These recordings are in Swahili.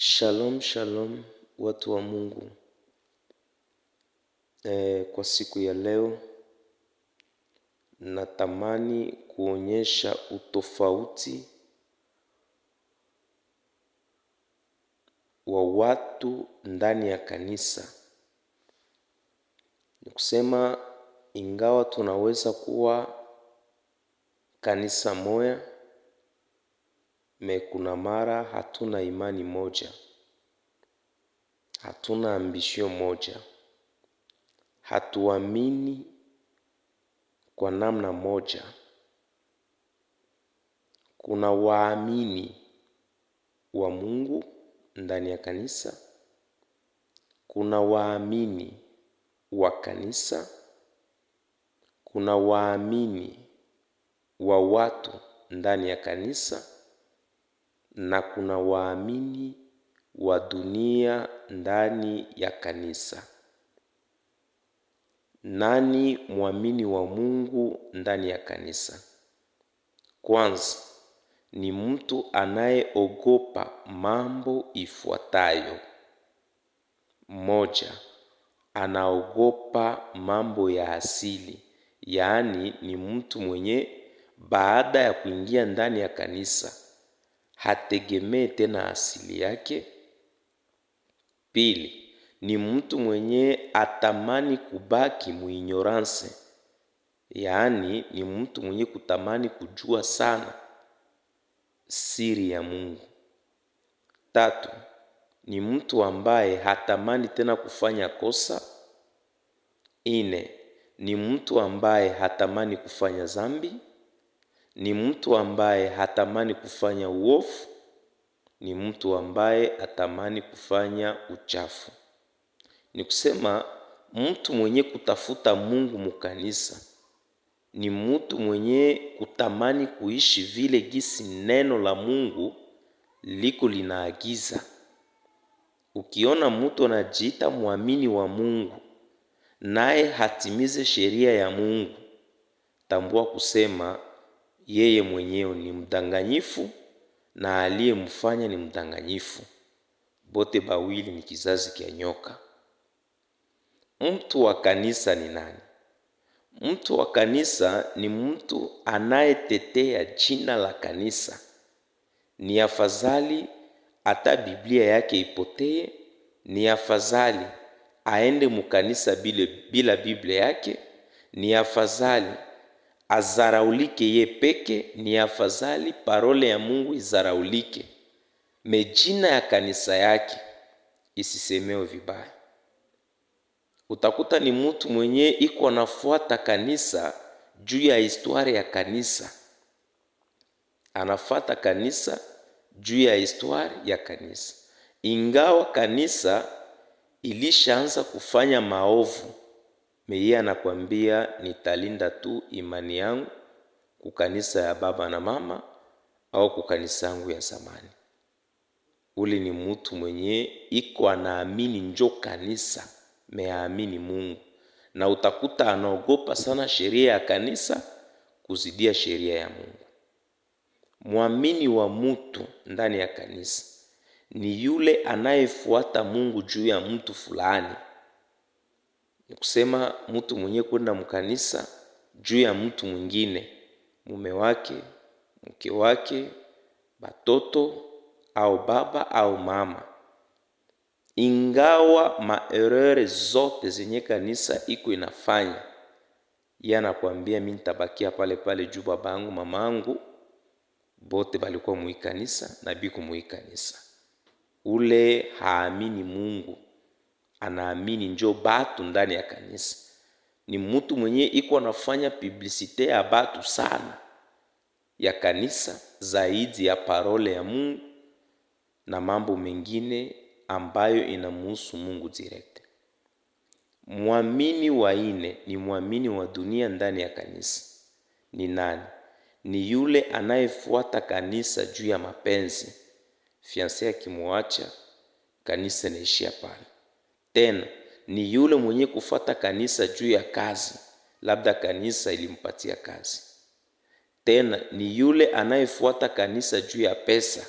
Shalom shalom, watu wa Mungu. E, kwa siku ya leo natamani kuonyesha utofauti wa watu ndani ya kanisa. Ni kusema ingawa tunaweza kuwa kanisa moja me kuna mara hatuna imani moja, hatuna ambisho moja, hatuamini kwa namna moja. Kuna waamini wa Mungu ndani ya kanisa, kuna waamini wa kanisa, kuna waamini wa watu ndani ya kanisa na kuna waamini wa dunia ndani ya kanisa. Nani mwamini wa Mungu ndani ya kanisa? Kwanza ni mtu anayeogopa mambo ifuatayo: moja, anaogopa mambo ya asili, yaani ni mtu mwenye baada ya kuingia ndani ya kanisa hategemee tena asili yake. Pili, ni mtu mwenye atamani kubaki muinyoranse, yaani ni mtu mwenye kutamani kujua sana siri ya Mungu. Tatu, ni mtu ambaye hatamani tena kufanya kosa. Ine, ni mtu ambaye hatamani kufanya zambi ni mtu ambaye hatamani kufanya uovu, ni mtu ambaye hatamani kufanya uchafu. Ni kusema mtu mwenye kutafuta Mungu mukanisa ni mtu mwenye kutamani kuishi vile gisi neno la Mungu liko linaagiza. Ukiona mtu anajiita mwamini wa Mungu naye hatimize sheria ya Mungu, tambua kusema yeye mwenyewe ni mdanganyifu na aliyemfanya ni mdanganyifu, bote bawili ni kizazi kya nyoka. Mtu wa kanisa ni nani? Mtu wa kanisa ni mtu anayetetea jina la kanisa. Ni afadhali hata Biblia yake ipotee, ni afadhali aende mukanisa bila Biblia yake, ni afadhali azaraulike ye peke, ni afadhali parole ya Mungu izaraulike, mejina ya kanisa yake isisemewe vibaya. Utakuta ni mutu mwenye iko anafuata kanisa juu ya historia ya kanisa, anafuata kanisa juu ya historia ya kanisa, ingawa kanisa ilishaanza kufanya maovu Meiya anakuambia nitalinda tu imani yangu kukanisa ya baba na mama au kukanisa yangu ya zamani. Uli ni mutu mwenye iko anaamini njo kanisa meaamini Mungu, na utakuta anaogopa sana sheria ya kanisa kuzidia sheria ya Mungu. Mwamini wa mutu ndani ya kanisa ni yule anayefuata Mungu juu ya mtu fulani kusema mtu mwenye kwenda mkanisa juu ya mtu mwingine, mume wake, mke wake, batoto au baba au mama. Ingawa maerere zote zenye kanisa iko inafanya, yeye anakuambia mimi nitabakia pale pale juu babangu, mamangu bote balikuwa muikanisa na biku muikanisa. Ule haamini Mungu anaamini njo batu ndani ya kanisa, ni mutu mwenye iko anafanya publicite ya batu sana ya kanisa zaidi ya parole ya Mungu na mambo mengine ambayo inamuhusu Mungu direct. Mwamini wa ine ni mwamini wa dunia ndani ya kanisa. Ni nani? Ni yule anayefuata kanisa juu ya mapenzi. Fianse akimwacha kanisa inaishia pale tena ni yule mwenye kufata kanisa juu ya kazi, labda kanisa ilimpatia kazi. Tena ni yule anayefuata kanisa juu ya pesa,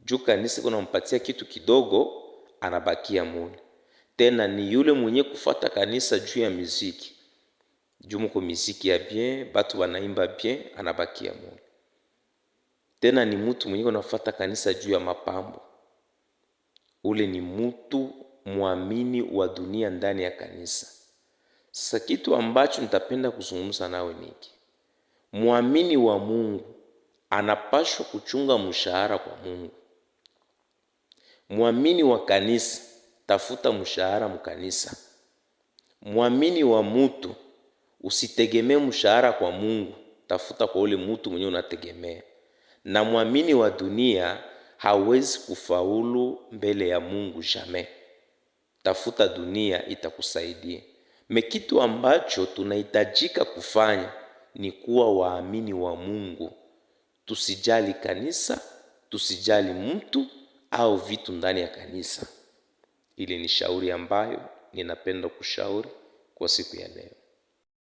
juu kanisa kunampatia kitu kidogo, anabakia mule. Tena ni yule mwenye kufata kanisa juu ya miziki juu muko miziki ya bien, batu wanaimba bien, anabakia mule. Tena ni mutu mwenye kunafata kanisa juu ya mapambo, ule ni mutu mwamini wa dunia ndani ya kanisa. Sasa kitu ambacho nitapenda kuzungumza nawe niki, mwamini wa Mungu anapashwa kuchunga mshahara kwa Mungu. Mwamini wa kanisa, tafuta mshahara mkanisa. Mwamini wa mutu, usitegemee mshahara kwa Mungu, tafuta kwa ule mutu mwenyewe unategemea. Na mwamini wa dunia hawezi kufaulu mbele ya Mungu jamais tafuta dunia itakusaidia. Me kitu ambacho tunahitajika kufanya ni kuwa waamini wa Mungu, tusijali kanisa, tusijali mtu au vitu ndani ya kanisa. Ili ni shauri ambayo ninapenda kushauri kwa siku ya leo.